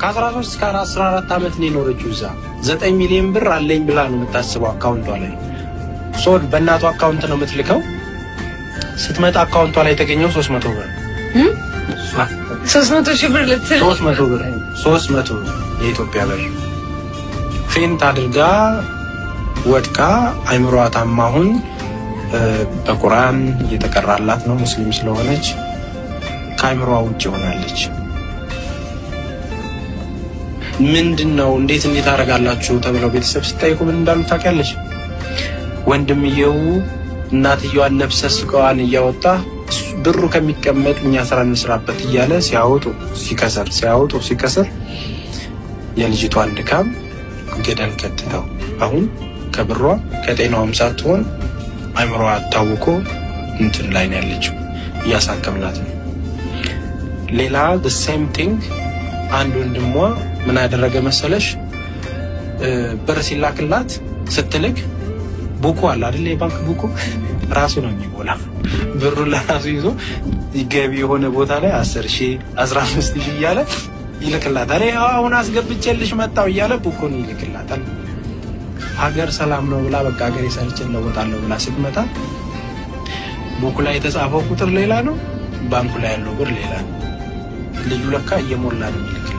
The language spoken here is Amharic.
ከ13 እስከ 14 ዓመት ነው የኖረችው እዛ። 9 ሚሊዮን ብር አለኝ ብላ ነው የምታስበው አካውንቷ ላይ። ሶ በእናቷ አካውንት ነው የምትልከው። ስትመጣ አካውንቷ ላይ የተገኘው 300 ብር 300 ሺህ ብር 300 ብር የኢትዮጵያ ብር ፌንት አድርጋ ወድቃ አይምሯ ታማሁን በቁርአን እየተቀራላት ነው ሙስሊም ስለሆነች ከአይምሯ ውጭ ሆናለች። ምንድን ነው እንዴት እንዴት አደርጋላችሁ ተብለው ቤተሰብ ሲጠይቁ ምን እንዳሉ ታውቂያለሽ? ወንድምየው እናትየዋን ነፍሰ ስጋዋን እያወጣ ብሩ ከሚቀመጥ እኛ ስራ እንስራበት እያለ ሲያወጡ ሲከሰር ሲያወጡ ሲከሰር የልጅቷን ድካም ገደል ከትተው አሁን ከብሯ ከጤናውም ሳትሆን አይምሮ አታውቆ እንትን ላይ ነው ያለችው። እያሳከምናት ነው ሌላ ሴም ቲንግ አንድ ወንድሟ ምን አደረገ መሰለሽ? ብር ሲላክላት ስትልክ ቡኩ አለ አይደል? የባንክ ቡኩ ራሱ ነው የሚሞላ። ብሩ ለራሱ ይዞ ገቢ የሆነ ቦታ ላይ 10 ሺህ 15 ሺህ እያለ ይልክላታል። አሁን አስገብቼልሽ መጣው እያለ ቡኩን ይልክላታል። ሀገር ሰላም ነው ብላ በቃ ሀገር የሰርች ለወጣለሁ ብላ ስትመጣ ቡኩ ላይ የተጻፈው ቁጥር ሌላ ነው፣ ባንኩ ላይ ያለው ብር ሌላ ነው። ልጁ ለካ እየሞላ ነው የሚልክ